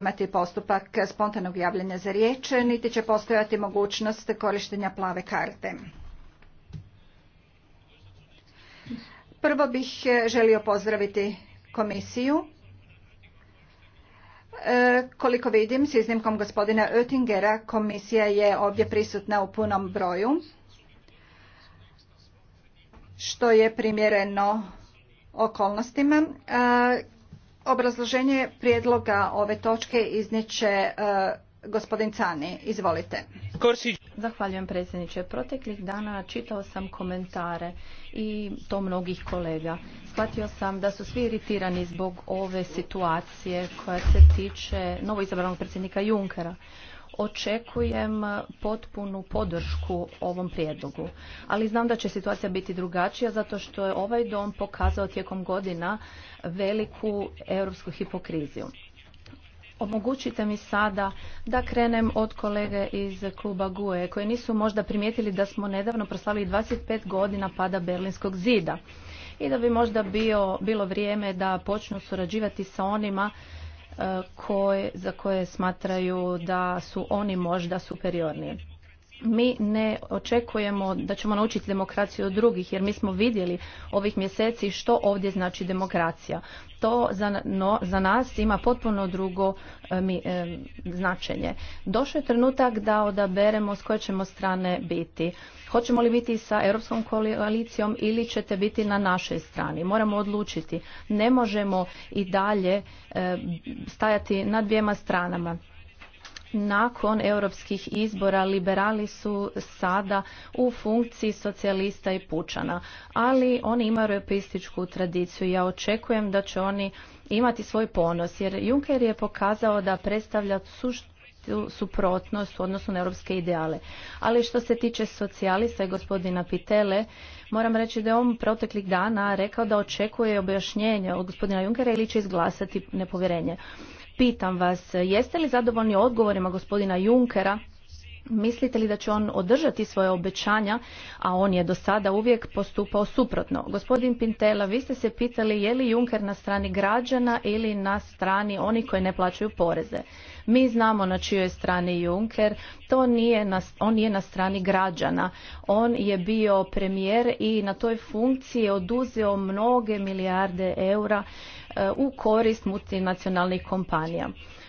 imati postupak spontanog javljanja za riječ, niti će postojati mogućnost korištenja plave karte. Prvo bih e, želio pozdraviti komisiju. E, koliko vidim, s iznimkom gospodina Oettingera, komisija je ovdje prisutna u punom broju, što je primjereno okolnostima. E, Obrazloženje prijedloga ove točke će e, gospodin Cani. Izvolite. Zahvaljujem predsjedniče. Proteklih dana čitao sam komentare i to mnogih kolega. Shvatio sam da su svi iritirani zbog ove situacije koja se tiče novoizabranog predsjednika Junkera očekujem potpunu podršku ovom prijedlogu. Ali znam da će situacija biti drugačija zato što je ovaj dom pokazao tijekom godina veliku europsku hipokriziju. Omogućite mi sada da krenem od kolege iz kluba GUE koji nisu možda primijetili da smo nedavno proslavili 25 godina pada Berlinskog zida i da bi možda bilo vrijeme da počnu surađivati sa onima za koje smatraju da su oni možda superiorniji mi ne očekujemo da ćemo naučiti demokraciju od drugih jer mi smo vidjeli ovih mjeseci što ovdje znači demokracija. To za, za nas ima potpuno drugo e, e, značenje. Došao je trenutak da odaberemo s koje ćemo strane biti. Hoćemo li biti sa Europskom koalicijom ili ćete biti na našoj strani? Moramo odlučiti. Ne možemo i dalje e, stajati na dvijema stranama nakon europskih izbora liberali su sada u funkciji socijalista i pučana, ali oni imaju europističku tradiciju. Ja očekujem da će oni imati svoj ponos, jer Juncker je pokazao da predstavlja suštvo suprotnost u odnosu na europske ideale. Ali što se tiče socijalista i gospodina Pitele, moram reći da je on proteklih dana rekao da očekuje objašnjenje od gospodina Junkera ili će izglasati nepovjerenje. Pitam vas, jeste li zadovoljni odgovorima gospodina Junkera Mislite li da će on održati svoje obećanja, a on je do sada uvijek postupao suprotno? Gospodin Pintela, vi ste se pitali je li Juncker na strani građana ili na strani oni koji ne plaćaju poreze. Mi znamo na čijoj strani Juncker, to nije na, on nije na strani građana. On je bio premijer i na toj funkciji je oduzeo mnoge milijarde eura E, u korist multinacionalnih kompanija.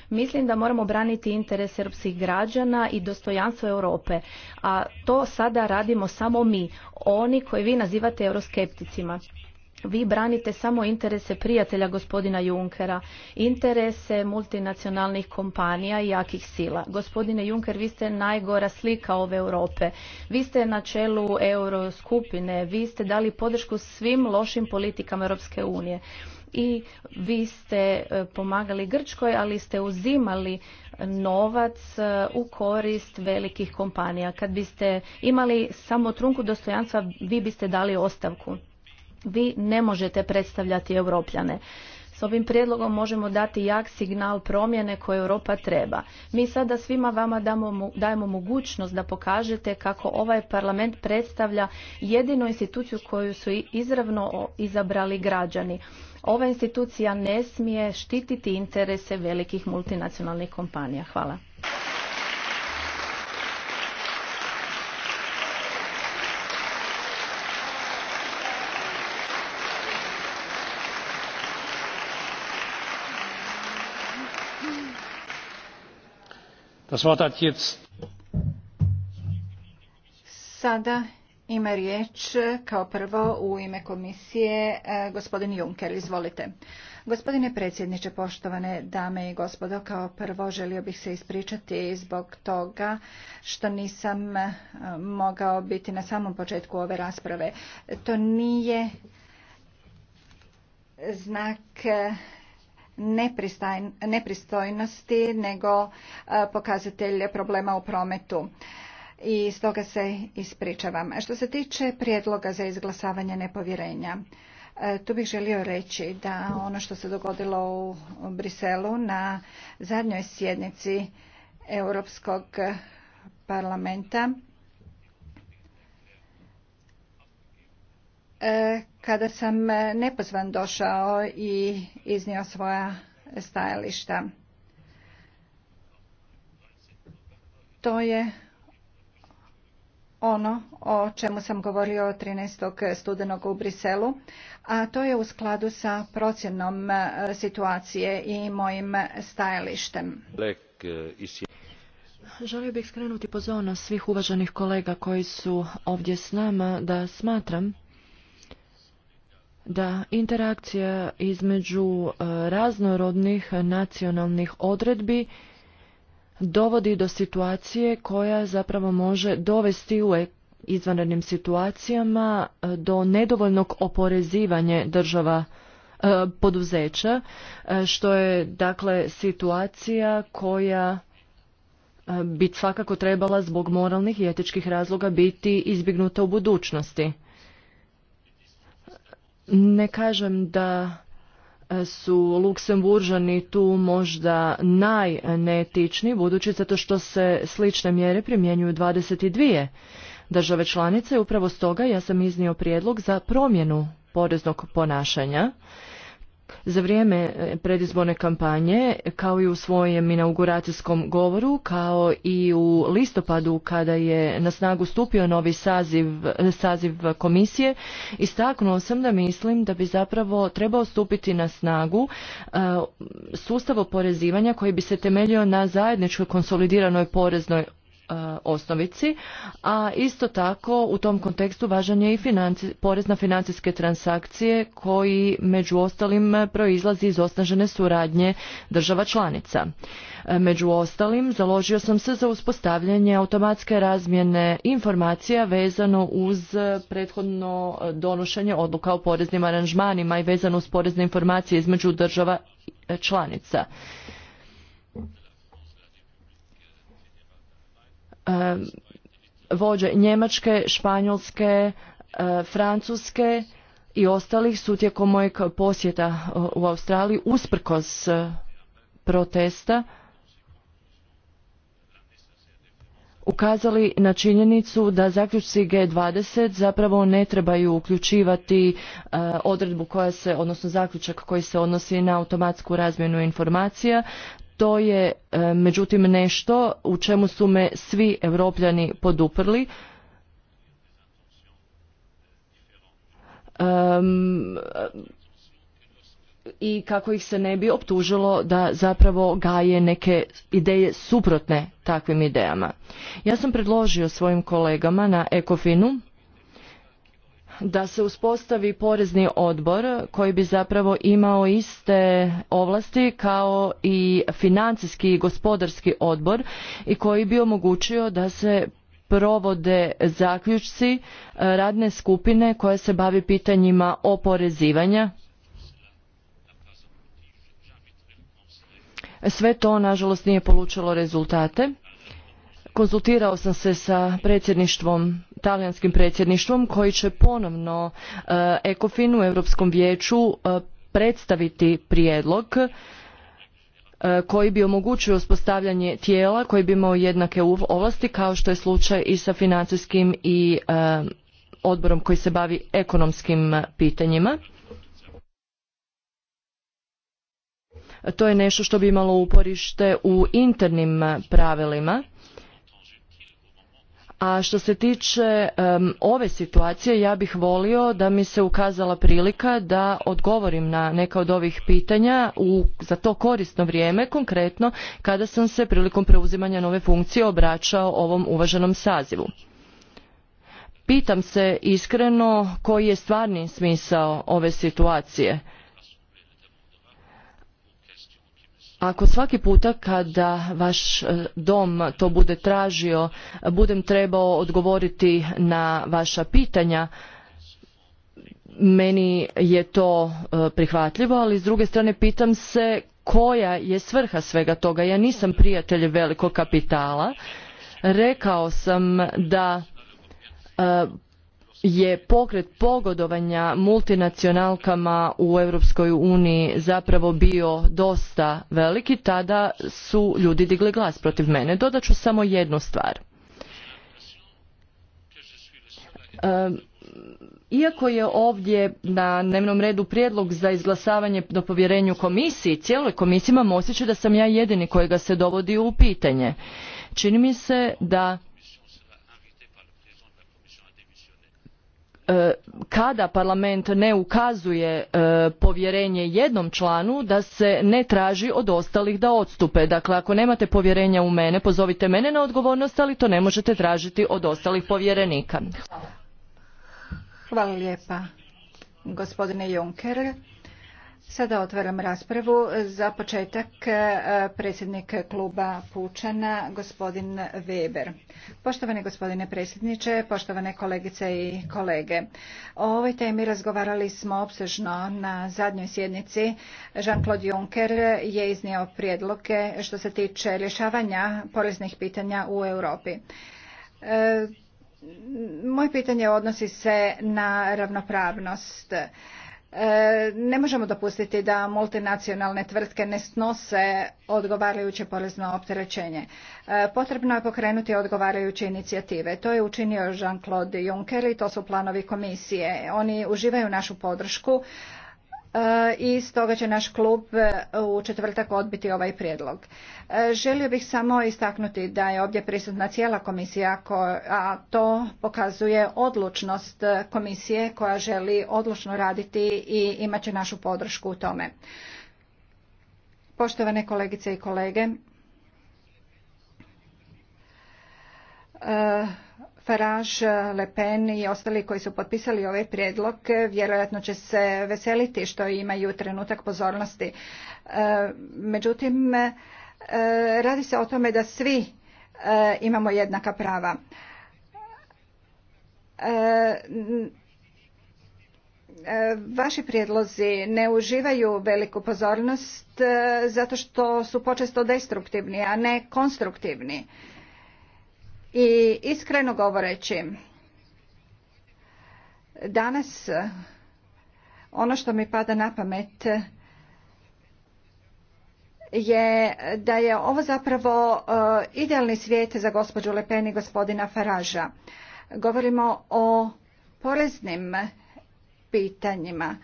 Mislim da moramo braniti interes europskih građana i dostojanstvo Europe, a to sada radimo samo mi, oni koji vi nazivate euroskepticima. Vi branite samo interese prijatelja gospodina Junkera, interese multinacionalnih kompanija i jakih sila. Gospodine Junker, vi ste najgora slika ove Europe. Vi ste na čelu euroskupine, vi ste dali podršku svim lošim politikama Europske unije i vi ste e, pomagali Grčkoj, ali ste uzimali novac e, u korist velikih kompanija. Kad biste imali samo trunku dostojanstva, vi biste dali ostavku. Vi ne možete predstavljati europljane. S ovim prijedlogom možemo dati jak signal promjene koje Europa treba. Mi sada svima vama damo, dajemo mogućnost da pokažete kako ovaj parlament predstavlja jedinu instituciju koju su izravno izabrali građani. Ova institucija ne smije štititi interese velikih multinacionalnih kompanija. Hvala. Sada ima riječ kao prvo u ime komisije e, gospodin Juncker. Izvolite. Gospodine predsjedniče, poštovane dame i gospodo, kao prvo želio bih se ispričati zbog toga što nisam e, mogao biti na samom početku ove rasprave. To nije znak e, nepristojnosti nego e, pokazatelj problema u prometu i stoga se ispričavam. Što se tiče prijedloga za izglasavanje nepovjerenja, e, tu bih želio reći da ono što se dogodilo u Briselu na zadnjoj sjednici Europskog parlamenta E, kada sam e, nepozvan došao i iznio svoja stajališta. To je ono o čemu sam govorio 13. studenog u Briselu, a to je u skladu sa procjenom e, situacije i mojim stajalištem. Želio bih skrenuti pozornost svih uvaženih kolega koji su ovdje s nama da smatram da interakcija između e, raznorodnih nacionalnih odredbi dovodi do situacije koja zapravo može dovesti u e- izvanrednim situacijama e, do nedovoljnog oporezivanja država poduzeća, što je dakle situacija koja bi svakako trebala zbog moralnih i etičkih razloga biti izbjegnuta u budućnosti. Ne kažem da e, su Luksemburžani tu možda najneetičniji, budući zato što se slične mjere primjenjuju 22 države članice. Upravo stoga ja sam iznio prijedlog za promjenu poreznog ponašanja za vrijeme e, predizborne kampanje, kao i u svojem inauguracijskom govoru, kao i u listopadu kada je na snagu stupio novi saziv, e, saziv komisije, istaknuo sam da mislim da bi zapravo trebao stupiti na snagu e, sustav oporezivanja koji bi se temeljio na zajedničkoj konsolidiranoj poreznoj E, osnovici, a isto tako u tom kontekstu važan je i porez na financijske transakcije koji među ostalim proizlazi iz osnažene suradnje država članica. E, među ostalim založio sam se za uspostavljanje automatske razmjene informacija vezano uz prethodno donošenje odluka o poreznim aranžmanima i vezano uz porezne informacije između država članica. E, vođe Njemačke, Španjolske, e, Francuske i ostalih su tijekom mojeg posjeta e, u Australiji usprkos protesta ukazali na činjenicu da zaključci G20 zapravo ne trebaju uključivati odredbu koja se, odnosno zaključak koji se odnosi na automatsku razmjenu informacija, to je e, međutim nešto u čemu su me svi europljani poduprli. i kako ih se ne bi optužilo da zapravo gaje neke ideje suprotne takvim idejama. Ja sam predložio svojim kolegama na Ekofinu da se uspostavi porezni odbor koji bi zapravo imao iste ovlasti kao i financijski i gospodarski odbor i koji bi omogućio da se provode zaključci e, radne skupine koja se bavi pitanjima oporezivanja sve to nažalost nije polučilo rezultate konzultirao sam se sa predsjedništvom talijanskim predsjedništvom koji će ponovno ECOFIN-u, eh, Europskom vijeću eh, predstaviti prijedlog eh, koji bi omogućio uspostavljanje tijela koji bi imao jednake ovlasti kao što je slučaj i sa financijskim i odborom koji se bavi ekonomskim pitanjima. To je nešto što bi imalo uporište u internim pravilima a što se tiče ove situacije, ja bih volio da mi se ukazala prilika da odgovorim na neka od ovih pitanja u, za to korisno vrijeme, konkretno kada sam se prilikom preuzimanja nove funkcije obraćao ovom uvaženom sazivu. Pitam se iskreno koji je stvarni smisao ove situacije ako svaki puta kada vaš e, dom to bude tražio budem trebao odgovoriti na vaša pitanja meni je to e, prihvatljivo ali s druge strane pitam se koja je svrha svega toga ja nisam prijatelj velikog kapitala rekao sam da e, je pokret pogodovanja multinacionalkama u Europskoj uniji zapravo bio dosta veliki, tada su ljudi digli glas protiv mene. Dodat ću samo jednu stvar. iako je ovdje na dnevnom redu prijedlog za izglasavanje do povjerenju komisiji, cijeloj komisiji imam osjećaj da sam ja jedini kojega se dovodi u pitanje. Čini mi se da E, kada parlament ne ukazuje e, povjerenje jednom članu da se ne traži od ostalih da odstupe dakle ako nemate povjerenja u mene pozovite mene na odgovornost ali to ne možete tražiti od ostalih povjerenika hvala lijepa gospodine juncker Sada otvaram raspravu. Za početak e, predsjednik kluba Pučana, gospodin Weber. Poštovani gospodine predsjedniče, poštovane kolegice i kolege. O ovoj temi razgovarali smo opsežno na zadnjoj sjednici. Jean-Claude Juncker je iznio prijedloge što se tiče rješavanja poreznih pitanja u Europi. E, moje pitanje odnosi se na ravnopravnost. E, ne možemo dopustiti da multinacionalne tvrtke ne snose odgovarajuće porezno opterećenje. E, potrebno je pokrenuti odgovarajuće inicijative. To je učinio Jean-Claude Juncker i to su planovi komisije. Oni uživaju našu podršku E, i stoga će naš klub e, u četvrtak odbiti ovaj prijedlog. E, želio bih samo istaknuti da je ovdje prisutna cijela komisija, a to pokazuje odlučnost komisije koja želi odlučno raditi i imat će našu podršku u tome. Poštovane kolegice i kolege, Farage, Le Pen i ostali koji su potpisali ovaj prijedlog eh, vjerojatno će se veseliti što imaju trenutak pozornosti. Eh, međutim, eh, radi se o tome da svi imamo jednaka prava. Vaši prijedlozi ne uživaju veliku pozornost zato što su počesto destruktivni, a ne konstruktivni i iskreno govoreći, danas ono što mi pada na pamet je da je ovo zapravo e, idealni svijet za gospođu Le i gospodina Faraža. Govorimo o poreznim pitanjima.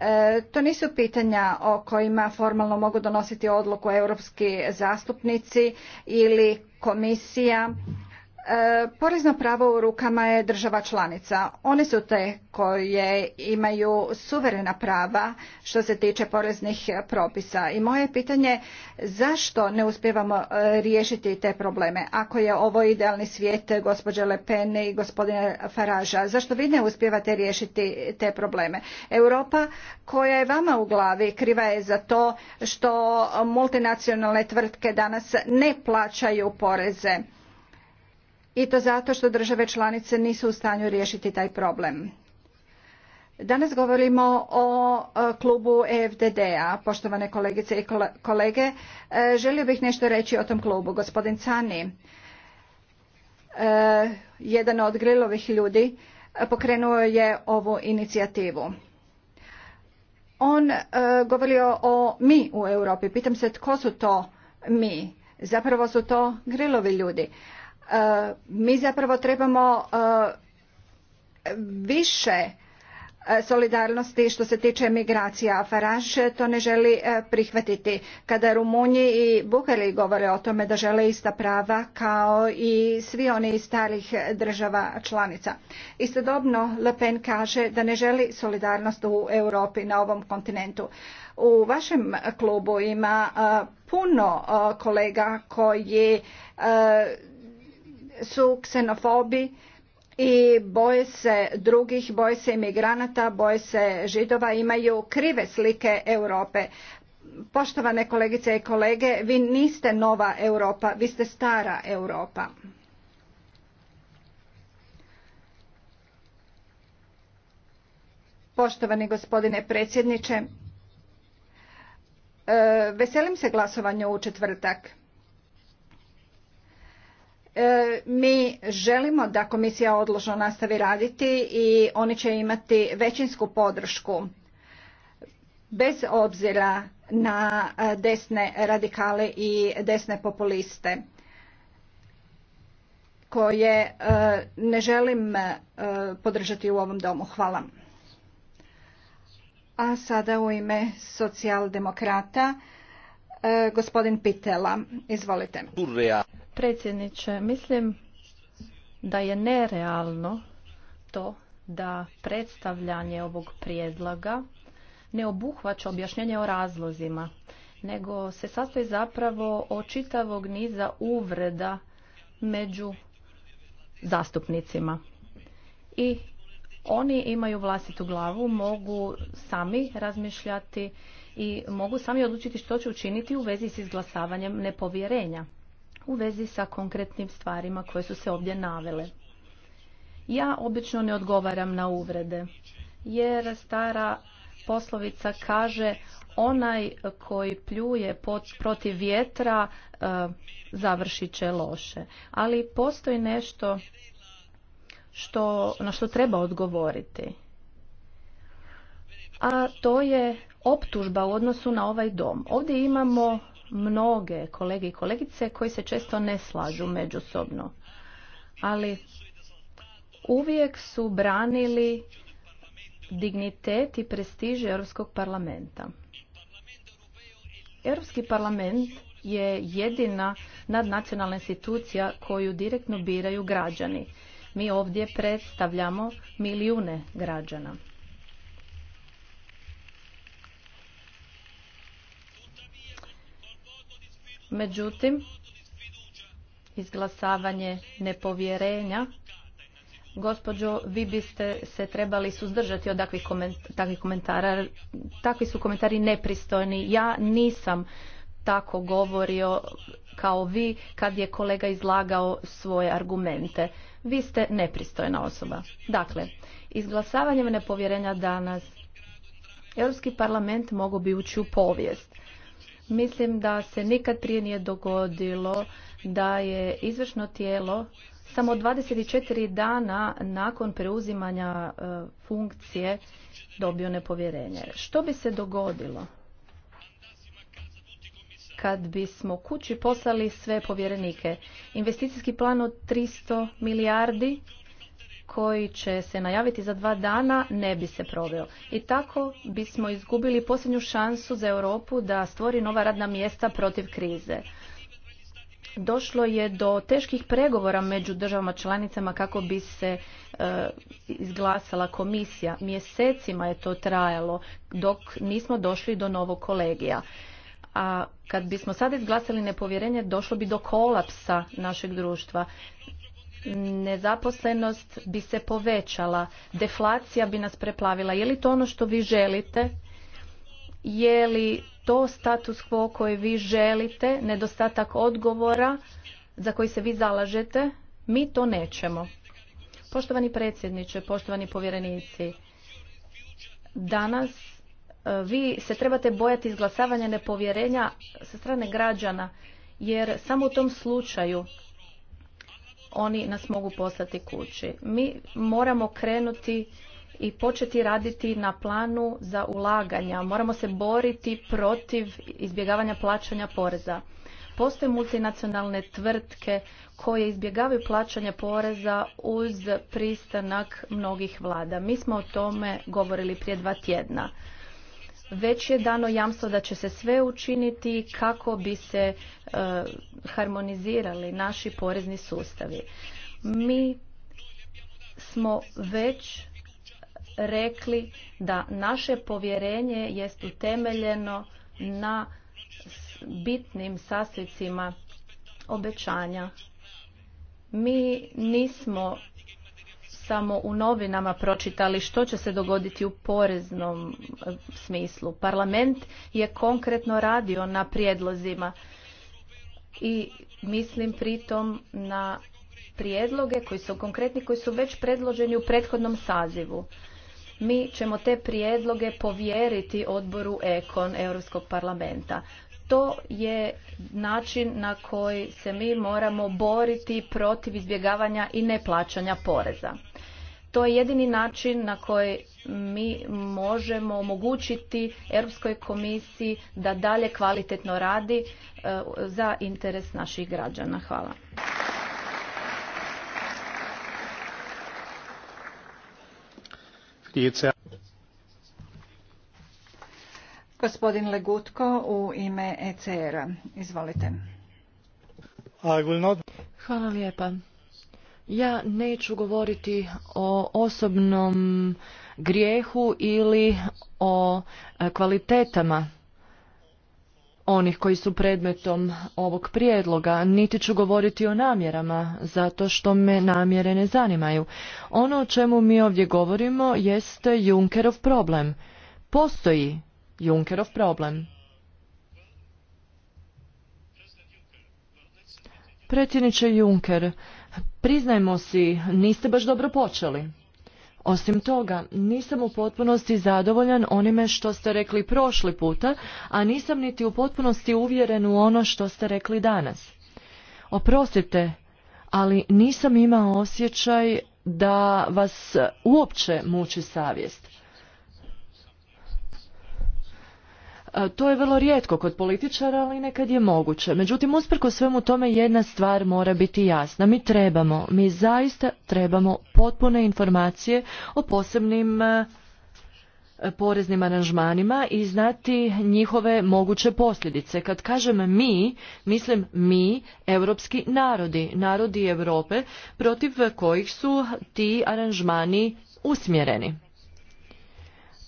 E, to nisu pitanja o kojima formalno mogu donositi odluku europski zastupnici ili komisija E, porezno pravo u rukama je država članica. One su te koje imaju suverena prava što se tiče poreznih propisa. I moje pitanje zašto ne uspijevamo e, riješiti te probleme? Ako je ovo idealni svijet gospođe Le Pen i gospodine Faraža, zašto vi ne uspijevate riješiti te probleme? Europa koja je vama u glavi kriva je za to što multinacionalne tvrtke danas ne plaćaju poreze i to zato što države članice nisu u stanju riješiti taj problem. Danas govorimo o e, klubu EFDD-a. Poštovane kolegice i kolege, e, želio bih nešto reći o tom klubu. Gospodin Cani, e, jedan od grilovih ljudi, pokrenuo je ovu inicijativu. On govorio o mi u Europi. Pitam se tko su to mi? Zapravo su to grilovi ljudi mi zapravo trebamo e, više e, solidarnosti što se tiče migracija. Farage to ne želi e, prihvatiti. Kada Rumunji i Bugari govore o tome da žele ista prava kao i svi oni iz starih država članica. Istodobno Le Pen kaže da ne želi solidarnost u Europi na ovom kontinentu. U vašem klubu ima puno kolega koji su ksenofobi i boje se drugih, boje se imigranata, boje se židova, imaju krive slike Europe. Poštovane kolegice i kolege, vi niste nova Europa, vi ste stara Europa. Poštovani gospodine predsjedniče, e, veselim se glasovanju u četvrtak. E, mi želimo da komisija odložno nastavi raditi i oni će imati većinsku podršku bez obzira na e, desne radikale i desne populiste koje e, ne želim podržati u ovom domu. Hvala. A sada u ime socijaldemokrata gospodin Pitela. Izvolite. Predsjedniče, mislim da je nerealno to da predstavljanje ovog prijedloga ne obuhvaća objašnjenje o razlozima, nego se sastoji zapravo o čitavog niza uvreda među zastupnicima. I oni imaju vlastitu glavu, mogu sami razmišljati i mogu sami odlučiti što će učiniti u vezi s izglasavanjem nepovjerenja u vezi sa konkretnim stvarima koje su se ovdje navele. Ja obično ne odgovaram na uvrede, jer stara poslovica kaže onaj koji pljuje protiv vjetra e, završit će loše. Ali postoji nešto što, na što treba odgovoriti. A to je optužba u odnosu na ovaj dom. Ovdje imamo mnoge kolege i kolegice koji se često ne slažu međusobno. Ali uvijek su branili dignitet i prestiž Europskog parlamenta. Europski parlament je jedina nadnacionalna institucija koju direktno biraju građani. Mi ovdje predstavljamo milijune građana. Međutim, izglasavanje nepovjerenja Gospođo, vi biste se trebali suzdržati od takvih, komentara. Takvi su komentari nepristojni. Ja nisam tako govorio kao vi kad je kolega izlagao svoje argumente. Vi ste nepristojna osoba. Dakle, izglasavanjem nepovjerenja danas Europski parlament mogao bi ući u povijest. Mislim da se nikad prije nije dogodilo da je izvršno tijelo samo 24 dana nakon preuzimanja e, funkcije dobio nepovjerenje. Što bi se dogodilo kad bismo kući poslali sve povjerenike? Investicijski plan od 300 milijardi koji će se najaviti za dva dana ne bi se proveo. I tako bismo izgubili posljednju šansu za Europu da stvori nova radna mjesta protiv krize. Došlo je do teških pregovora među državama članicama kako bi se e, izglasala komisija. Mjesecima je to trajalo dok nismo došli do novog kolegija a kad bismo sad izglasali nepovjerenje došlo bi do kolapsa našeg društva nezaposlenost bi se povećala, deflacija bi nas preplavila. Je li to ono što vi želite? Je li to status quo koje vi želite, nedostatak odgovora za koji se vi zalažete? Mi to nećemo. Poštovani predsjedniče, poštovani povjerenici, danas e, vi se trebate bojati izglasavanja nepovjerenja sa strane građana, jer samo u tom slučaju oni nas mogu poslati kući. Mi moramo krenuti i početi raditi na planu za ulaganja. Moramo se boriti protiv izbjegavanja plaćanja poreza. Postoje multinacionalne tvrtke koje izbjegavaju plaćanje poreza uz pristanak mnogih vlada. Mi smo o tome govorili prije dva tjedna već je dano jamstvo da će se sve učiniti kako bi se e, harmonizirali naši porezni sustavi. Mi smo već rekli da naše povjerenje jest utemeljeno na bitnim sastojcima obećanja. Mi nismo samo u novinama pročitali što će se dogoditi u poreznom e, smislu. Parlament je konkretno radio na prijedlozima i mislim pritom na prijedloge koji su konkretni, koji su već predloženi u prethodnom sazivu. Mi ćemo te prijedloge povjeriti odboru Ekon Europskog parlamenta to je način na koji se mi moramo boriti protiv izbjegavanja i neplaćanja poreza. To je jedini način na koji mi možemo omogućiti Europskoj komisiji da dalje kvalitetno radi e, za interes naših građana. Hvala. Gospodin Legutko u ime ECR-a. Izvolite. Hvala lijepa. Ja neću govoriti o osobnom grijehu ili o e, kvalitetama onih koji su predmetom ovog prijedloga, niti ću govoriti o namjerama, zato što me namjere ne zanimaju. Ono o čemu mi ovdje govorimo jeste Junkerov problem. Postoji Junkerov problem. Predsjedniče Juncker, Priznajmo si, niste baš dobro počeli. Osim toga, nisam u potpunosti zadovoljan onime što ste rekli prošli puta, a nisam niti u potpunosti uvjeren u ono što ste rekli danas. Oprostite, ali nisam imao osjećaj da vas uopće muči savjest. E, to je vrlo rijetko kod političara, ali nekad je moguće. Međutim, usprko svemu tome jedna stvar mora biti jasna. Mi trebamo, mi zaista trebamo potpune informacije o posebnim e, poreznim aranžmanima i znati njihove moguće posljedice. Kad kažem mi, mislim mi, europski narodi, narodi Europe protiv kojih su ti aranžmani usmjereni.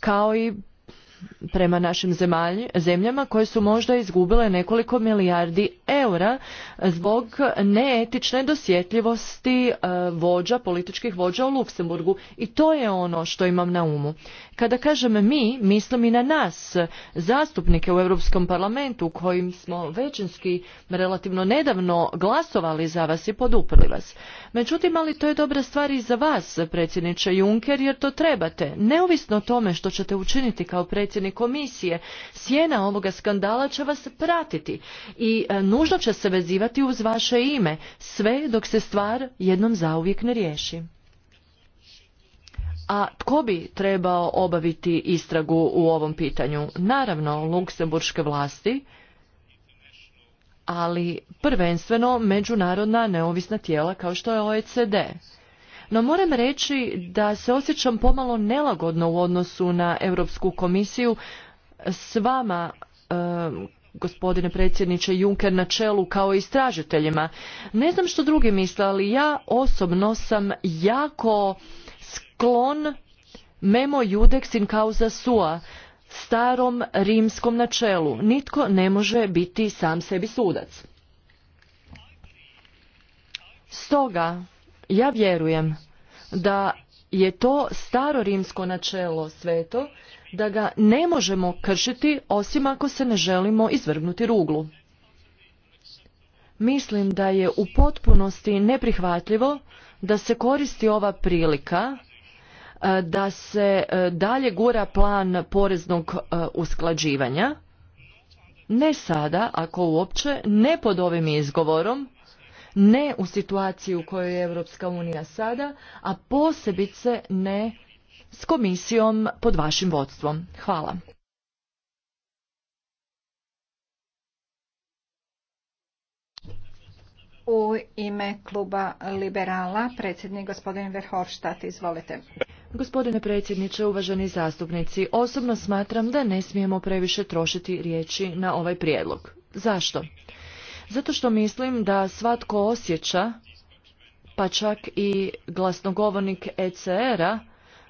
Kao i prema našim zemljama koje su možda izgubile nekoliko milijardi eura zbog neetične dosjetljivosti e, vođa, političkih vođa u Luksemburgu. I to je ono što imam na umu. Kada kažem mi, mislim i na nas, zastupnike u Europskom parlamentu kojim smo većinski relativno nedavno glasovali za vas i poduprli vas. Međutim, ali to je dobra stvar i za vas, predsjedniče Juncker, jer to trebate. Neovisno o tome što ćete učiniti kao predsjednik predsjednik komisije, sjena ovoga skandala će vas pratiti i e, nužno će se vezivati uz vaše ime, sve dok se stvar jednom zauvijek ne riješi. A tko bi trebao obaviti istragu u ovom pitanju? Naravno, luksemburške vlasti, ali prvenstveno međunarodna neovisna tijela kao što je OECD. No moram reći da se osjećam pomalo nelagodno u odnosu na Europsku komisiju s vama gospodine predsjedniče Juncker na čelu kao istražiteljima. Ne znam što drugi misle, ali ja osobno sam jako sklon memo judex in causa sua, starom rimskom načelu. Nitko ne može biti sam sebi sudac. Stoga, ja vjerujem da je to staro rimsko načelo sveto, da ga ne možemo kršiti osim ako se ne želimo izvrgnuti ruglu. Mislim da je u potpunosti neprihvatljivo da se koristi ova prilika e, da se e, dalje gura plan poreznog e, usklađivanja, ne sada, ako uopće, ne pod ovim izgovorom ne u situaciji u kojoj je Europska unija sada, a posebice ne s komisijom pod vašim vodstvom. Hvala. U ime kluba liberala predsjednik gospodin Verhofstadt, izvolite. Gospodine predsjedniče, uvaženi zastupnici, osobno smatram da ne smijemo previše trošiti riječi na ovaj prijedlog. Zašto? Zato što mislim da svatko osjeća, pa čak i glasnogovornik ECR-a,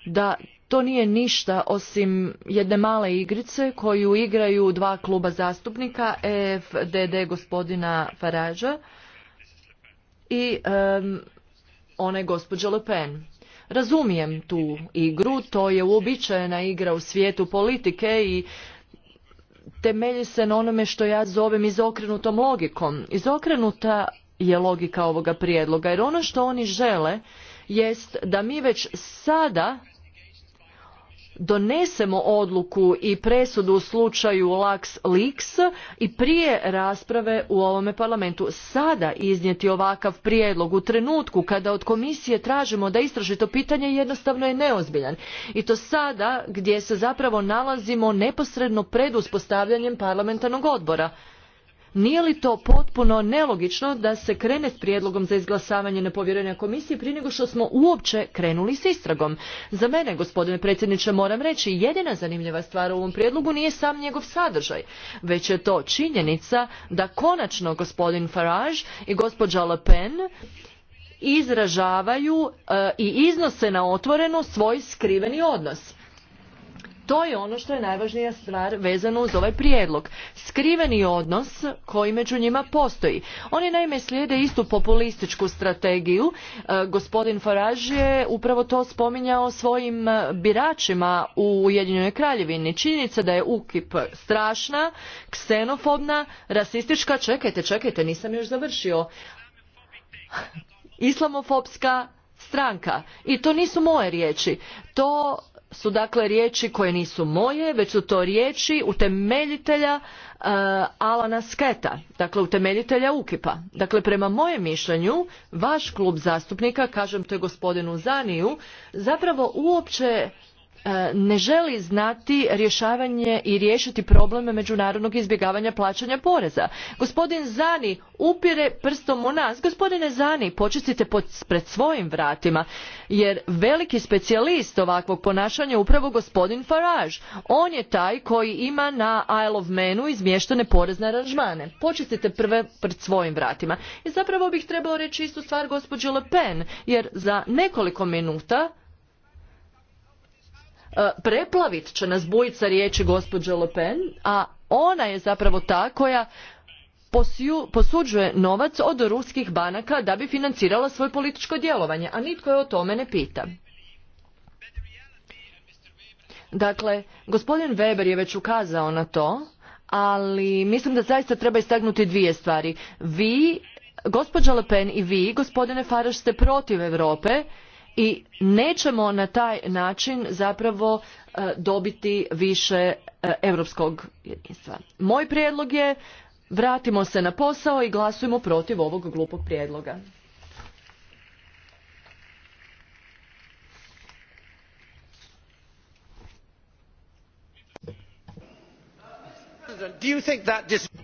da to nije ništa osim jedne male igrice koju igraju dva kluba zastupnika, e FDD gospodina Faraža i um, one gospođe Le Pen. Razumijem tu igru, to je uobičajena igra u svijetu politike i temelji se na onome što ja zovem izokrenutom logikom. Izokrenuta je logika ovoga prijedloga jer ono što oni žele jest da mi već sada donesemo odluku i presudu u slučaju Lux Leaks i prije rasprave u ovome parlamentu sada iznijeti ovakav prijedlog u trenutku kada od komisije tražimo da istraži to pitanje jednostavno je neozbiljan i to sada gdje se zapravo nalazimo neposredno pred uspostavljanjem parlamentarnog odbora nije li to potpuno nelogično da se krene s prijedlogom za izglasavanje nepovjerenja komisije prije nego što smo uopće krenuli s istragom? Za mene, gospodine predsjedniče, moram reći, jedina zanimljiva stvar u ovom prijedlogu nije sam njegov sadržaj, već je to činjenica da konačno gospodin Farage i gospođa Le Pen izražavaju e, i iznose na otvoreno svoj skriveni odnos to je ono što je najvažnija stvar vezano uz ovaj prijedlog. Skriveni odnos koji među njima postoji. Oni naime slijede istu populističku strategiju. E, gospodin Farage je upravo to spominjao svojim e, biračima u Ujedinjenoj kraljevini. Činjenica da je UKIP strašna, ksenofobna, rasistička, čekajte, čekajte, nisam još završio, islamofobska stranka. I to nisu moje riječi. To su dakle riječi koje nisu moje, već su to riječi utemeljitelja e, Alana Sketa, dakle utemeljitelja Ukipa. Dakle, prema mojem mišljenju, vaš klub zastupnika, kažem to je gospodinu Zaniju, zapravo uopće E, ne želi znati rješavanje i riješiti probleme međunarodnog izbjegavanja plaćanja poreza. Gospodin Zani upire prstom u nas. Gospodine Zani, počistite pred svojim vratima, jer veliki specijalist ovakvog ponašanja je upravo gospodin Farage. On je taj koji ima na Isle of Manu izmještene porezne aranžmane. Počistite prve pred svojim vratima. I zapravo bih trebao reći istu stvar gospođi Le Pen, jer za nekoliko minuta preplavit će nas bujica riječi gospođa Le Pen, a ona je zapravo ta koja posuđuje novac od ruskih banaka da bi financirala svoje političko djelovanje, a nitko je o tome ne pita. Dakle, gospodin Weber je već ukazao na to, ali mislim da zaista treba istagnuti dvije stvari. Vi, gospođa Le Pen i vi, gospodine Faraš, ste protiv Europe i nećemo na taj način zapravo e, dobiti više e, europskog jedinstva. Moj prijedlog je vratimo se na posao i glasujemo protiv ovog glupog prijedloga.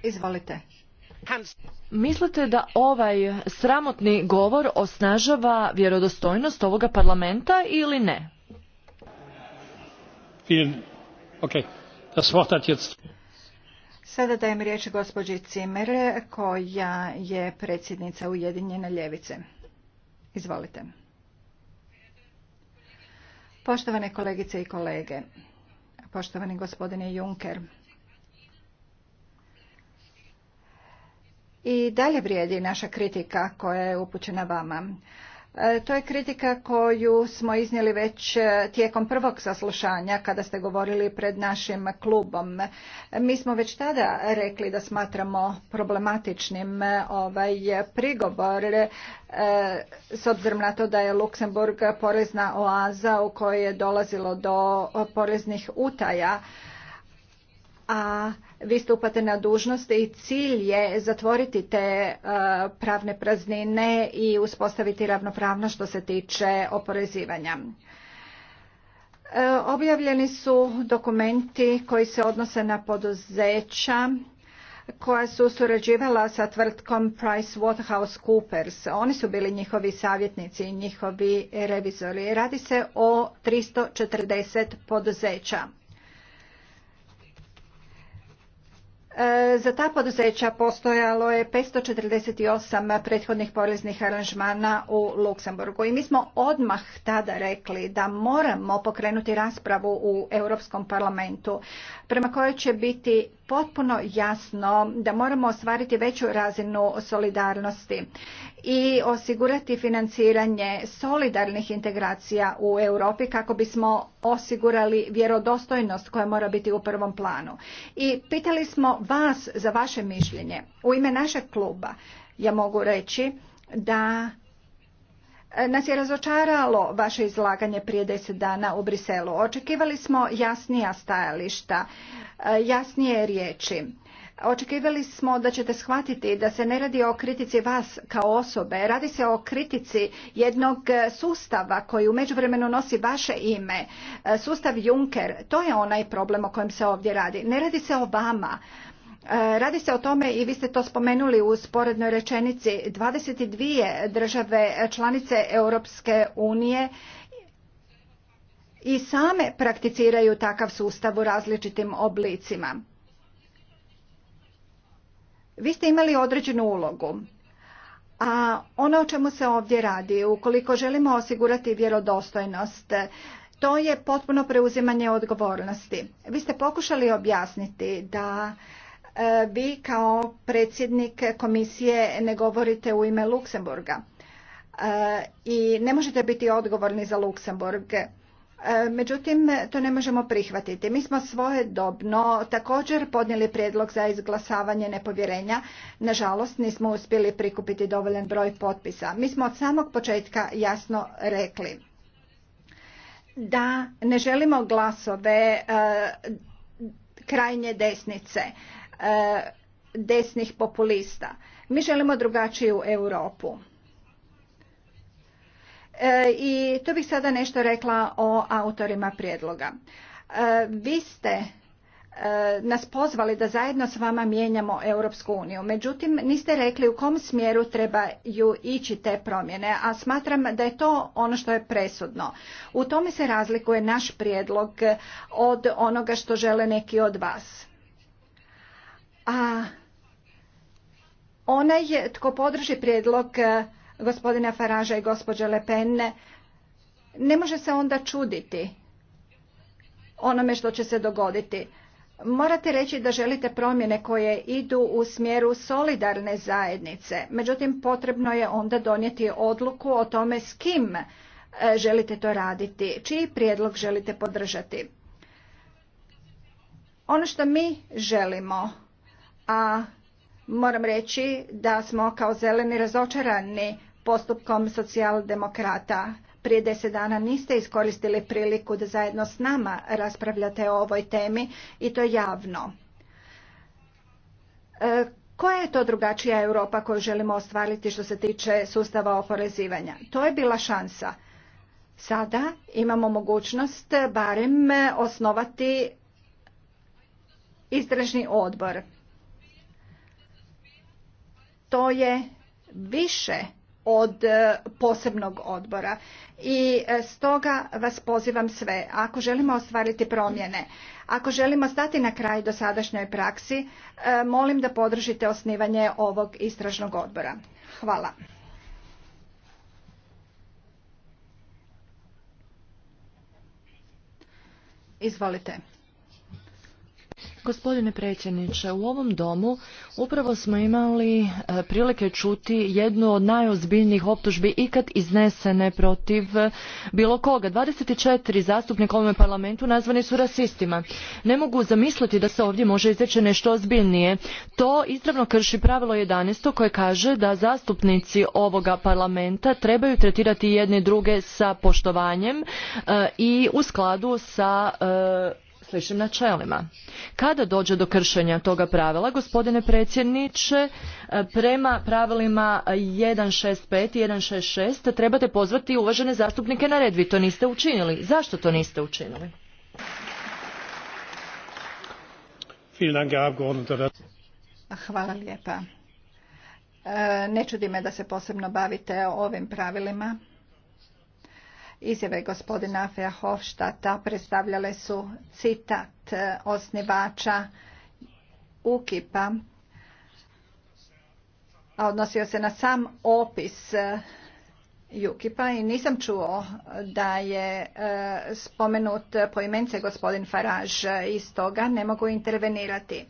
Izvolite. Mislite da ovaj sramotni govor osnažava vjerodostojnost ovoga parlamenta ili ne? Sada dajem riječ gospođi Cimer koja je predsjednica Ujedinjene ljevice. Izvolite. Poštovane kolegice i kolege, poštovani gospodine Juncker, i dalje vrijedi naša kritika koja je upućena vama. E, to je kritika koju smo iznijeli već e, tijekom prvog saslušanja kada ste govorili pred našim klubom. Mi smo već tada rekli da smatramo problematičnim e, ovaj prigovor s obzirom na to da je Luksemburg porezna oaza u kojoj je dolazilo do poreznih utaja a vi stupate na dužnost i cilj je zatvoriti te e, pravne praznine i uspostaviti ravnopravno što se tiče oporezivanja. E, objavljeni su dokumenti koji se odnose na poduzeća koja su surađivala sa tvrtkom PricewaterhouseCoopers. Oni su bili njihovi savjetnici i njihovi revizori. Radi se o 340 poduzeća. E, za ta poduzeća postojalo je 548 prethodnih poreznih aranžmana u Luksemburgu i mi smo odmah tada rekli da moramo pokrenuti raspravu u Europskom parlamentu prema kojoj će biti potpuno jasno da moramo ostvariti veću razinu solidarnosti i osigurati financiranje solidarnih integracija u Europi kako bismo osigurali vjerodostojnost koja mora biti u prvom planu. I pitali smo vas za vaše mišljenje. U ime našeg kluba ja mogu reći da nas je razočaralo vaše izlaganje prije deset dana u Briselu. Očekivali smo jasnija stajališta, e, jasnije riječi. Očekivali smo da ćete shvatiti da se ne radi o kritici vas kao osobe, radi se o kritici jednog e, sustava koji u međuvremenu nosi vaše ime, e, sustav Juncker, to je onaj problem o kojem se ovdje radi. Ne radi se o vama. E, radi se o tome i vi ste to spomenuli u sporednoj rečenici 22 države članice Europske unije i same prakticiraju takav sustav u različitim oblicima. Vi ste imali određenu ulogu. A ono o čemu se ovdje radi, ukoliko želimo osigurati vjerodostojnost, to je potpuno preuzimanje odgovornosti. Vi ste pokušali objasniti da e, vi kao predsjednik komisije ne govorite u ime Luksemburga e, i ne možete biti odgovorni za Luksemburg. E, međutim, to ne možemo prihvatiti. Mi smo dobno također podnijeli prijedlog za izglasavanje nepovjerenja. Nažalost, nismo uspjeli prikupiti dovoljan broj potpisa. Mi smo od samog početka jasno rekli da ne želimo glasove e, krajnje desnice, e, desnih populista. Mi želimo drugačiju Europu E, I tu bih sada nešto rekla o autorima prijedloga. E, vi ste e, nas pozvali da zajedno s vama mijenjamo Europsku uniju. Međutim, niste rekli u kom smjeru trebaju ići te promjene, a smatram da je to ono što je presudno. U tome se razlikuje naš prijedlog od onoga što žele neki od vas. A onaj tko podrži prijedlog gospodina Faraža i gospođe Le ne može se onda čuditi onome što će se dogoditi. Morate reći da želite promjene koje idu u smjeru solidarne zajednice, međutim potrebno je onda donijeti odluku o tome s kim e, želite to raditi, čiji prijedlog želite podržati. Ono što mi želimo, a moram reći da smo kao zeleni razočarani postupkom socijaldemokrata. Prije deset dana niste iskoristili priliku da zajedno s nama raspravljate o ovoj temi i to javno. E, koja je to drugačija Europa koju želimo ostvariti što se tiče sustava oporezivanja? To je bila šansa. Sada imamo mogućnost barem osnovati ...izdražni odbor. To je više od e, posebnog odbora. I e, stoga vas pozivam sve, ako želimo ostvariti promjene, ako želimo stati na kraj dosadašnjoj praksi, e, molim da podržite osnivanje ovog istražnog odbora. Hvala. Izvolite. Gospodine predsjedniče, u ovom domu upravo smo imali e, prilike čuti jednu od najozbiljnijih optužbi ikad iznesene protiv e, bilo koga. 24 zastupnika u parlamentu nazvani su rasistima. Ne mogu zamisliti da se ovdje može izreći nešto ozbiljnije. To izravno krši pravilo 11. koje kaže da zastupnici ovoga parlamenta trebaju tretirati jedni druge sa poštovanjem e, i u skladu sa sličnim načelima. Kada dođe do kršenja toga pravila, gospodine predsjedniče, e, prema pravilima 165 i 166 trebate pozvati uvažene zastupnike na red. Vi to niste učinili. Zašto to niste učinili? Hvala lijepa. E, ne čudi me da se posebno bavite ovim pravilima. Izjave gospodina Feahofštata predstavljale su citat e, osnivača Ukipa, a odnosio se na sam opis Jukipa e, i nisam čuo da je e, spomenut poimence gospodin Faraž iz toga ne mogu intervenirati.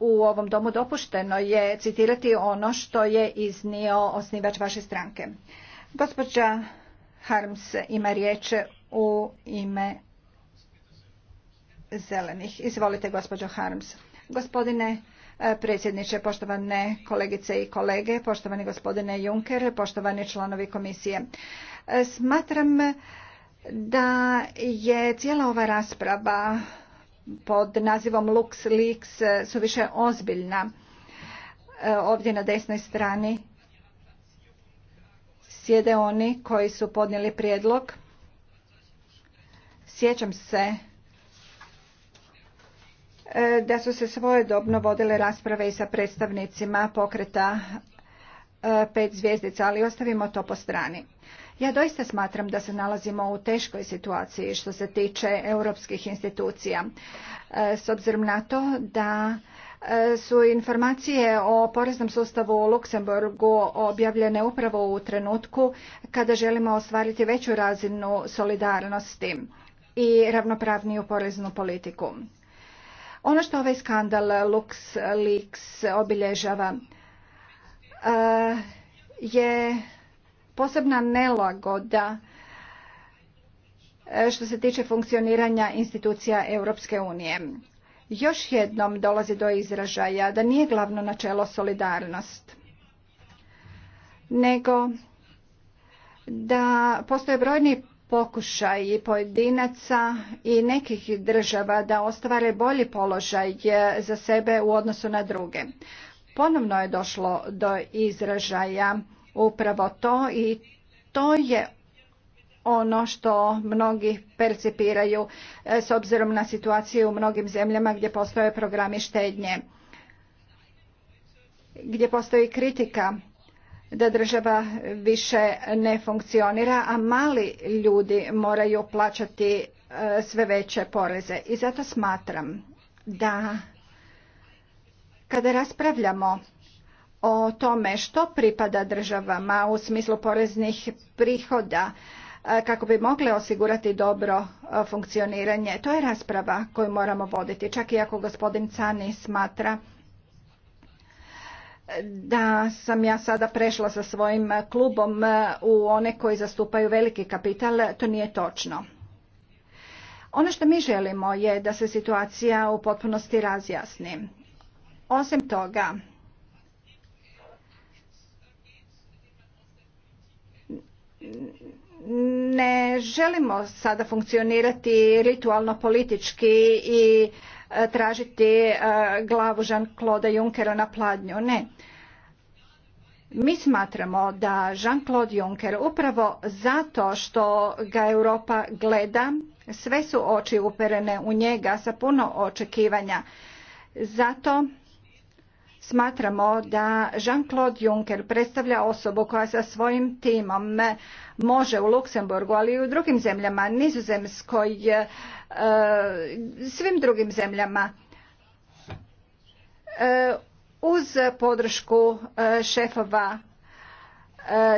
U ovom domu dopušteno je citirati ono što je iznio osnivač vaše stranke. Gospođa Harms ima riječ u ime zelenih. Izvolite, gospođo Harms. Gospodine e, predsjedniče, poštovane kolegice i kolege, poštovani gospodine Juncker, poštovani članovi komisije. E, smatram da je cijela ova rasprava pod nazivom LuxLeaks su više ozbiljna e, ovdje na desnoj strani sjede oni koji su podnijeli prijedlog. Sjećam se e, da su se svojedobno vodile rasprave i sa predstavnicima pokreta e, pet zvijezdica, ali ostavimo to po strani. Ja doista smatram da se nalazimo u teškoj situaciji što se tiče europskih institucija. E, s obzirom na to da E, su informacije o poreznom sustavu u Luksemburgu objavljene upravo u trenutku kada želimo ostvariti veću razinu solidarnosti i ravnopravniju poreznu politiku. Ono što ovaj skandal LuxLeaks obilježava e, je posebna nelagoda e, što se tiče funkcioniranja institucija Europske unije još jednom dolazi do izražaja da nije glavno načelo solidarnost, nego da postoje brojni pokušaj pojedinaca i nekih država da ostvare bolji položaj za sebe u odnosu na druge. Ponovno je došlo do izražaja upravo to i to je ono što mnogi percipiraju e, s obzirom na situaciju u mnogim zemljama gdje postoje programi štednje gdje postoji kritika da država više ne funkcionira, a mali ljudi moraju plaćati e, sve veće poreze. I zato smatram da kada raspravljamo o tome što pripada državama u smislu poreznih prihoda, E, kako bi mogle osigurati dobro e, funkcioniranje. To je rasprava koju moramo voditi, čak i ako gospodin Cani smatra e, da sam ja sada prešla sa svojim klubom u one koji zastupaju veliki kapital, to nije točno. Ono što mi želimo je da se situacija u potpunosti razjasni. Osim toga, ne želimo sada funkcionirati ritualno politički i e, tražiti e, glavu Jean-Claude Junckera na pladnju. Ne. Mi smatramo da Jean-Claude Juncker upravo zato što ga Europa gleda, sve su oči uperene u njega sa puno očekivanja. Zato Smatramo da Jean-Claude Juncker predstavlja osobu koja sa svojim timom može u Luksemburgu, ali i u drugim zemljama, Nizozemskoj, e, svim drugim zemljama, e, uz podršku e, šefova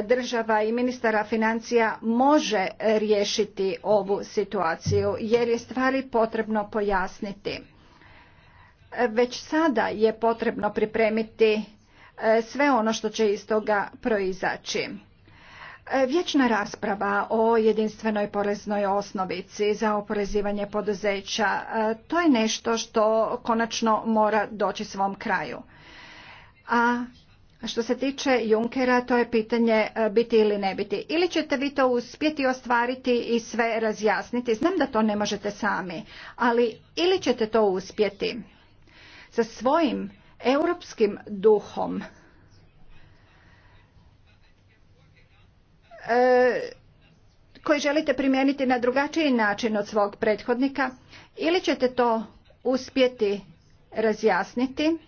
država i ministara financija može riješiti ovu situaciju jer je stvari potrebno pojasniti. Već sada je potrebno pripremiti e, sve ono što će iz toga proizaći. E, vječna rasprava o jedinstvenoj poreznoj osnovici za oporezivanje poduzeća, e, to je nešto što konačno mora doći svom kraju. A što se tiče Junkera, to je pitanje biti ili ne biti. Ili ćete vi to uspjeti ostvariti i sve razjasniti. Znam da to ne možete sami, ali ili ćete to uspjeti sa svojim europskim duhom e, koji želite primijeniti na drugačiji način od svog prethodnika ili ćete to uspjeti razjasniti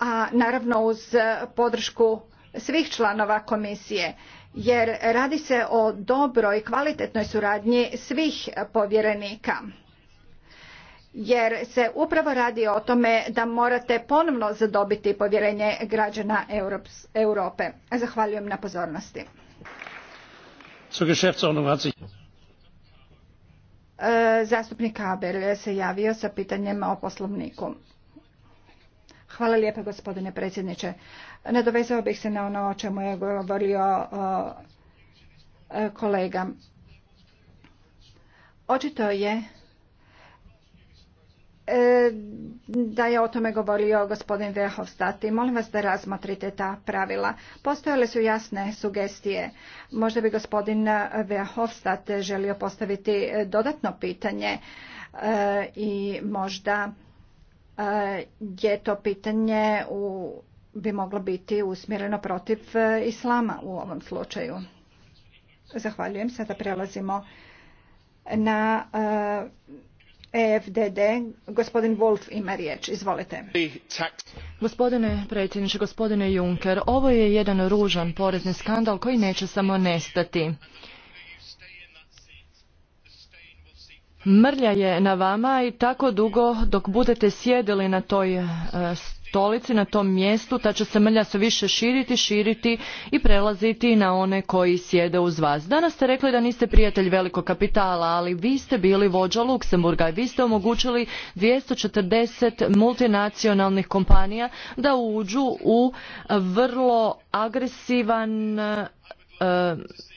a naravno uz podršku svih članova komisije jer radi se o dobroj kvalitetnoj suradnji svih povjerenika jer se upravo radi o tome da morate ponovno zadobiti povjerenje građana Europe. Zahvaljujem na pozornosti. E, zastupnik Kabel se javio sa pitanjem o poslovniku. Hvala lijepa gospodine predsjedniče. Nadovezao bih se na ono o čemu je govorio e, e, kolega. Očito je da je o tome govorio gospodin Verhofstadt i molim vas da razmotrite ta pravila. Postojale su jasne sugestije. Možda bi gospodin Verhofstadt želio postaviti e, dodatno pitanje e, i možda e, je to pitanje u, bi moglo biti usmjereno protiv islama u ovom slučaju. Zahvaljujem. Sada prelazimo na E gospodin Wolf ima riječ. Izvolite. Gospodine predsjedniče, gospodine Juncker, ovo je jedan ružan porezni skandal koji neće samo nestati. Mrlja je na vama i tako dugo dok budete sjedili na toj stolici e, stolici na tom mjestu, ta će se mrlja sve više širiti, širiti i prelaziti na one koji sjede uz vas. Danas ste rekli da niste prijatelj velikog kapitala, ali vi ste bili vođa Luksemburga i vi ste omogućili 240 multinacionalnih kompanija da uđu u vrlo agresivan e,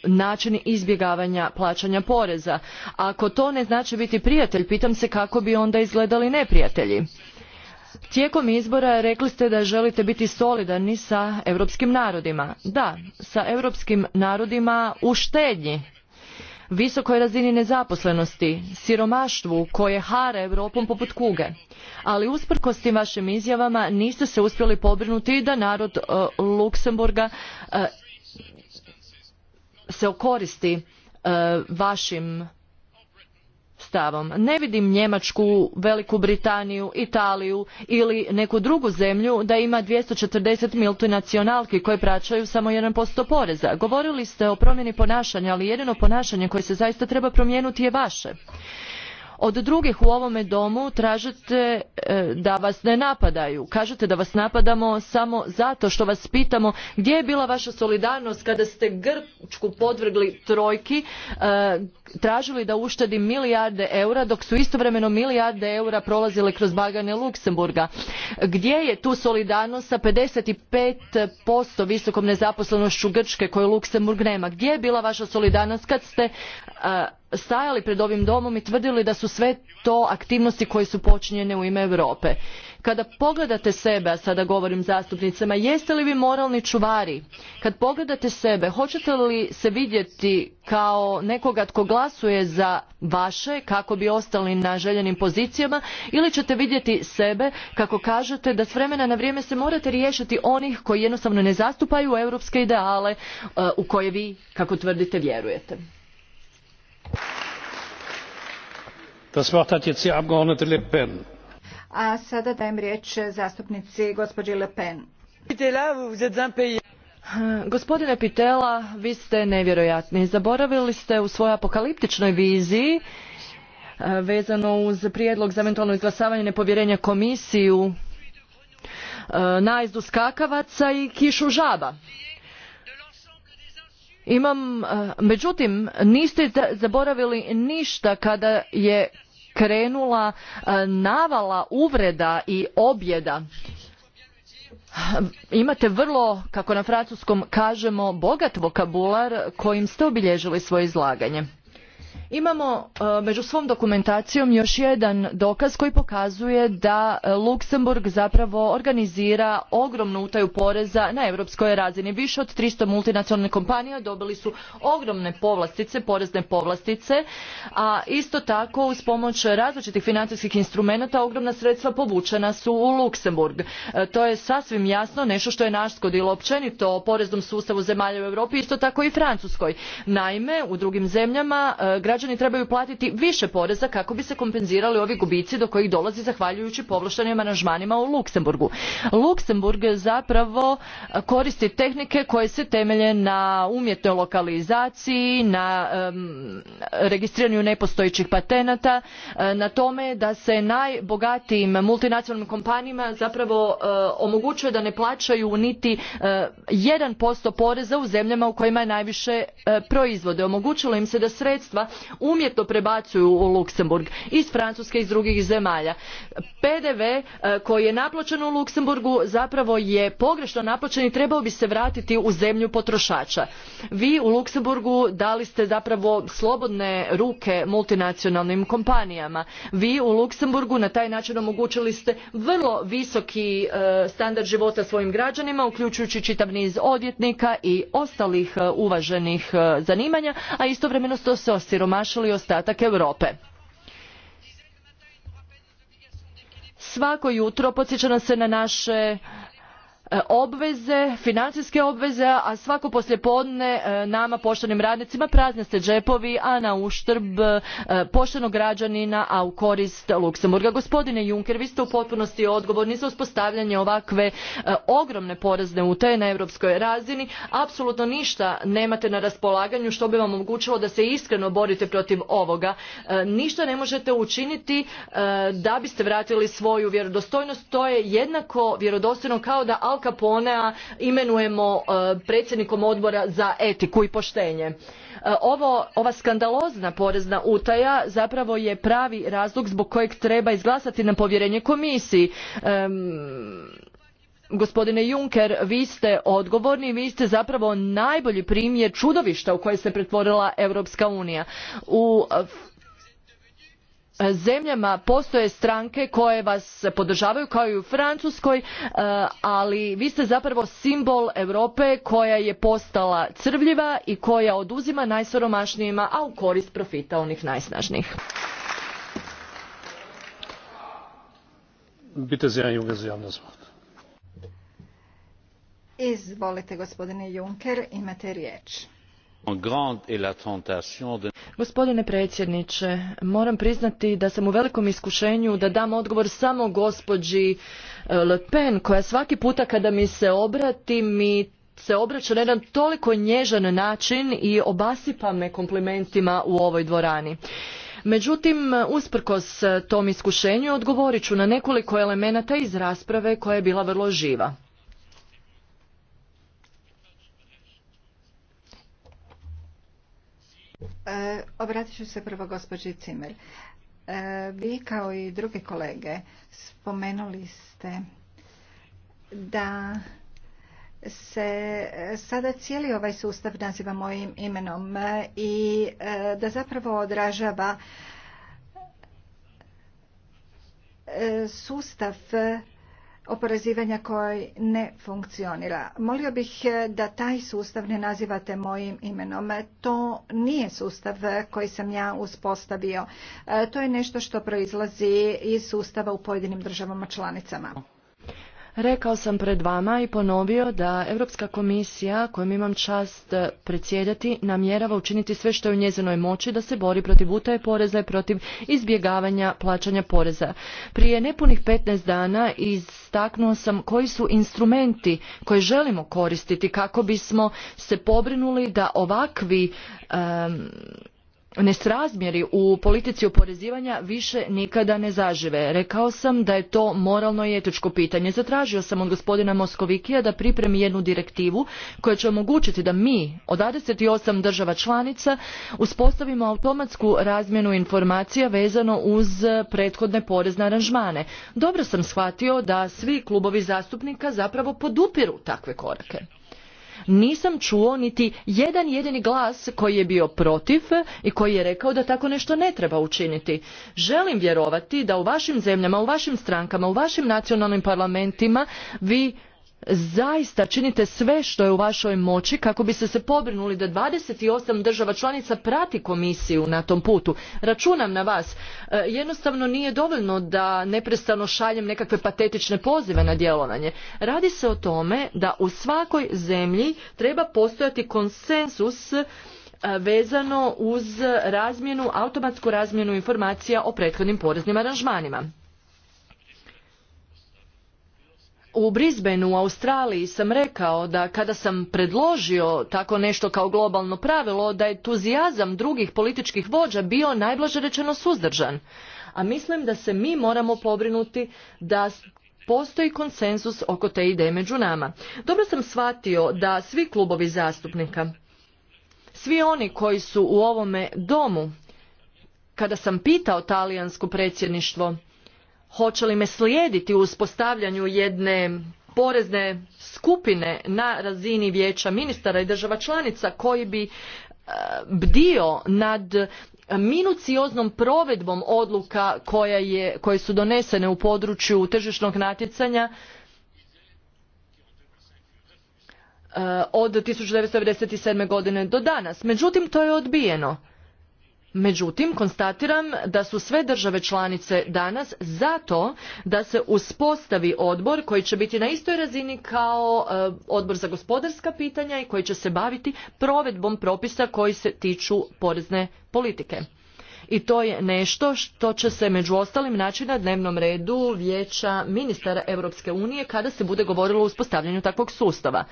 način izbjegavanja plaćanja poreza. Ako to ne znači biti prijatelj, pitam se kako bi onda izgledali neprijatelji. Tijekom izbora rekli ste da želite biti solidarni sa europskim narodima. Da, sa europskim narodima u štednji, visokoj razini nezaposlenosti, siromaštvu koje hara Europom poput kuge. Ali usprkos tim vašim izjavama niste se uspjeli pobrinuti da narod e, Luksemburga e, se okoristi e, vašim stavom. Ne vidim Njemačku, Veliku Britaniju, Italiju ili neku drugu zemlju da ima 240 multinacionalki koje plaćaju samo 1% poreza. Govorili ste o promjeni ponašanja, ali jedino ponašanje koje se zaista treba promijenuti je vaše od drugih u ovome domu tražite e, da vas ne napadaju kažete da vas napadamo samo zato što vas pitamo gdje je bila vaša solidarnost kada ste grčku podvrgli trojki e, tražili da uštedi milijarde eura dok su istovremeno milijarde eura prolazile kroz bagane luksemburga gdje je tu solidarnost sa 55% visokom nezaposlenošću grčke koju luksemburg nema gdje je bila vaša solidarnost kad ste e, stajali pred ovim domom i tvrdili da su sve to aktivnosti koje su počinjene u ime Europe. Kada pogledate sebe, a sada govorim zastupnicama, jeste li vi moralni čuvari? Kad pogledate sebe, hoćete li se vidjeti kao nekoga tko glasuje za vaše kako bi ostali na željenim pozicijama ili ćete vidjeti sebe kako kažete da s vremena na vrijeme se morate riješiti onih koji jednostavno ne zastupaju europske ideale e, u koje vi, kako tvrdite, vjerujete? Das Wort hat jetzt die A sada dajem riječ zastupnici gospođi eh, Gospodine Pitela, vi ste nevjerojatni. Zaboravili ste u svojoj apokaliptičnoj viziji eh, vezano uz prijedlog za eventualno izglasavanje nepovjerenja komisiju eh, najezdu skakavaca i kišu žaba. Imam, eh, međutim, niste zaboravili ništa kada je krenula eh, navala uvreda i objeda imate vrlo kako na francuskom kažemo bogat vokabular kojim ste obilježili svoje izlaganje Imamo e, među svom dokumentacijom još jedan dokaz koji pokazuje da e, Luksemburg zapravo organizira ogromnu utaju poreza na europskoj razini. Više od 300 multinacionalnih kompanija dobili su ogromne povlastice, porezne povlastice, a isto tako uz pomoć različitih financijskih instrumenata ogromna sredstva povučena su u Luksemburg. E, to je sasvim jasno nešto što je naškodilo općenito o poreznom sustavu zemalja u Europi, isto tako i Francuskoj. Naime, u drugim zemljama građani trebaju platiti više poreza kako bi se kompenzirali ovi gubici do kojih dolazi zahvaljujući povlaštenim aranžmanima u Luksemburgu. Luksemburg zapravo e, koristi tehnike koje se temelje na umjetnoj lokalizaciji, na registriranju nepostojećih patenata, e, na tome da se najbogatijim multinacionalnim kompanijama zapravo e, omogućuje da ne plaćaju niti jedan posto poreza u zemljama u kojima je najviše proizvode omogućilo im se da sredstva umjetno prebacuju u Luksemburg iz Francuske i iz drugih zemalja. PDV e, koji je naplaćen u Luksemburgu zapravo je pogrešno naplaćen i trebao bi se vratiti u zemlju potrošača. Vi u Luksemburgu dali ste zapravo slobodne ruke multinacionalnim kompanijama. Vi u Luksemburgu na taj način omogućili ste vrlo visoki e, standard života svojim građanima, uključujući čitav niz odvjetnika i ostalih e, uvaženih zanimanja, a istovremeno ste se osiromašili nadmašili ostatak Europe. Svako jutro podsjeća nas se na naše E, obveze financijske obveze a svako poslijepodne e, nama poštenim radnicima prazne se džepovi a na uštrb e, poštenog građanina a u korist luksemburga. gospodine juncker vi ste u potpunosti odgovorni za uspostavljanje ovakve ogromne porezne utaje na europskoj razini apsolutno ništa nemate na raspolaganju što bi vam omogućilo da se iskreno borite protiv ovoga. ništa ne možete učiniti da biste vratili svoju vjerodostojnost to je jednako vjerodostojno kao da Al Caponea imenujemo e, predsjednikom odbora za etiku i poštenje. E, ovo, ova skandalozna porezna utaja zapravo je pravi razlog zbog kojeg treba izglasati na povjerenje komisiji. gospodine Juncker, vi ste odgovorni, vi ste zapravo najbolji primjer čudovišta u koje se pretvorila Europska unija. U zemljama postoje stranke koje vas podržavaju kao i u francuskoj e, ali vi ste zapravo simbol europe koja je postala crvljiva i koja oduzima najsiromašnijima a u korist profita onih najsnažnijih izvolite gospodine juncker imate riječ Gospodine predsjedniče, moram priznati da sam u velikom iskušenju da dam odgovor samo gospođi eh, Le Pen, koja svaki puta kada mi se obrati, mi se obraća na jedan toliko nježan način i obasipa me komplimentima u ovoj dvorani. Međutim, usprkos eh, tom iskušenju odgovorit ću na nekoliko elemenata iz rasprave koja je bila vrlo živa. E, obratit ću se prvo gospođi Cimer. E, vi kao i druge kolege spomenuli ste da se sada cijeli ovaj sustav naziva mojim imenom i e, da zapravo odražava sustav oporezivanja koji ne funkcionira. Molio bih eh, da taj sustav ne nazivate mojim imenom. To nije sustav eh, koji sam ja uspostavio. Eh, to je nešto što proizlazi iz sustava u pojedinim državama članicama. Rekao sam pred vama i ponovio da Europska komisija kojom imam čast eh, predsjedati namjerava učiniti sve što je u njezinoj moći da se bori protiv utaje poreza i protiv izbjegavanja plaćanja poreza. Prije nepunih 15 dana istaknuo sam koji su instrumenti koje želimo koristiti kako bismo se pobrinuli da ovakvi nesrazmjeri u politici oporezivanja više nikada ne zažive. Rekao sam da je to moralno i etičko pitanje. Zatražio sam od gospodina Moskovikija da pripremi jednu direktivu koja će omogućiti da mi od 28 država članica uspostavimo automatsku razmjenu informacija vezano uz prethodne porezne aranžmane. Dobro sam shvatio da svi klubovi zastupnika zapravo podupiru takve korake nisam čuo niti jedan jedini glas koji je bio protiv i koji je rekao da tako nešto ne treba učiniti. Želim vjerovati da u vašim zemljama, u vašim strankama, u vašim nacionalnim parlamentima vi zaista činite sve što je u vašoj moći kako biste se pobrinuli da 28 država članica prati komisiju na tom putu. Računam na vas. E, jednostavno nije dovoljno da neprestano šaljem nekakve patetične pozive na djelovanje. Radi se o tome da u svakoj zemlji treba postojati konsensus e, vezano uz razmjenu, automatsku razmjenu informacija o prethodnim poreznim aranžmanima. u Brisbaneu u Australiji sam rekao da kada sam predložio tako nešto kao globalno pravilo da je entuzijazam drugih političkih vođa bio najblaže rečeno suzdržan. A mislim da se mi moramo pobrinuti da postoji konsenzus oko te ideje među nama. Dobro sam shvatio da svi klubovi zastupnika, svi oni koji su u ovome domu, kada sam pitao talijansko predsjedništvo hoće li me slijediti u uspostavljanju jedne porezne skupine na razini vijeća ministara i država članica koji bi e, bdio nad minucioznom provedbom odluka koja koje su donesene u području tržišnog natjecanja e, od 1997. godine do danas. Međutim, to je odbijeno. Međutim, konstatiram da su sve države članice danas zato da se uspostavi odbor koji će biti na istoj razini kao e, odbor za gospodarska pitanja i koji će se baviti provedbom propisa koji se tiču porezne politike. I to je nešto što će se među ostalim naći na dnevnom redu vijeća ministara Europske unije kada se bude govorilo o uspostavljanju takvog sustava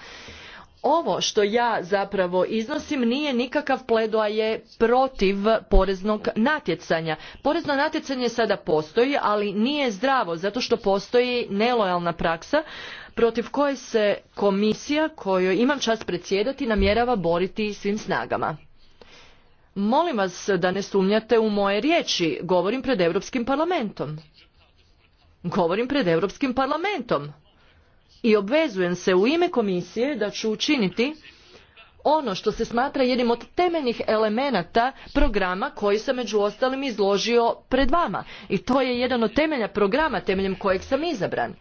ovo što ja zapravo iznosim nije nikakav pledoaje protiv poreznog natjecanja. Porezno natjecanje sada postoji, ali nije zdravo zato što postoji nelojalna praksa protiv koje se komisija koju imam čast predsjedati namjerava boriti svim snagama. Molim vas da ne sumnjate u moje riječi, govorim pred Europskim parlamentom. Govorim pred Europskim parlamentom i obvezujem se u ime komisije da ću učiniti ono što se smatra jednim od temeljnih elemenata programa koji sam među ostalim izložio pred vama i to je jedan od temelja programa temeljem kojeg sam izabran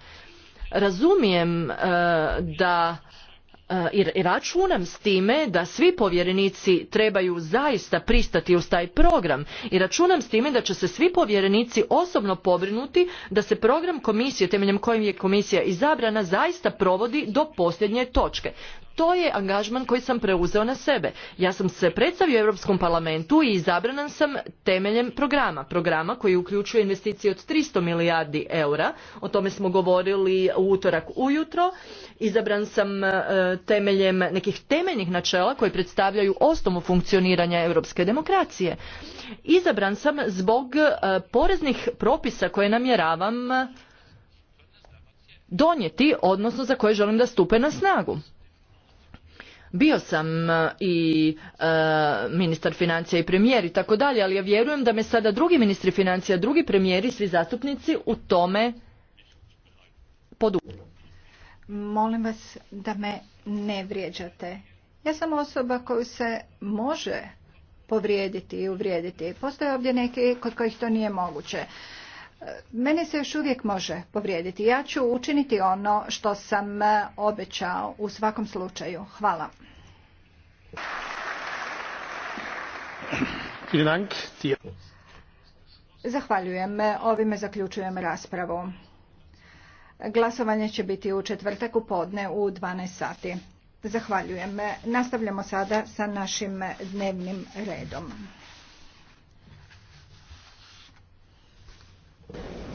razumijem e, da E, i računam s time da svi povjerenici trebaju zaista pristati uz taj program i računam s time da će se svi povjerenici osobno pobrinuti da se program komisije temeljem kojeg je komisija izabrana zaista provodi do posljednje točke to je angažman koji sam preuzeo na sebe. Ja sam se predstavio Europskom parlamentu i izabran sam temeljem programa. Programa koji uključuje investicije od 300 milijardi eura. O tome smo govorili u utorak ujutro. Izabran sam e, temeljem nekih temeljnih načela koji predstavljaju osnovu funkcioniranja europske demokracije. Izabran sam zbog e, poreznih propisa koje namjeravam donijeti, odnosno za koje želim da stupe na snagu. Bio sam e, i e, ministar financija i premijer i tako dalje, ali ja vjerujem da me sada drugi ministri financija, drugi premijeri, svi zastupnici u tome podupiru. Molim vas da me ne vrijeđate. Ja sam osoba koju se može povrijediti i uvrijediti. Postoje ovdje neki kod kojih to nije moguće. Mene se još uvijek može povrijediti. Ja ću učiniti ono što sam e, obećao u svakom slučaju. Hvala. Zahvaljujem. Ovime zaključujem raspravu. Glasovanje će biti u četvrtak u podne u 12 sati. Zahvaljujem. Nastavljamo sada sa našim dnevnim redom. Hvala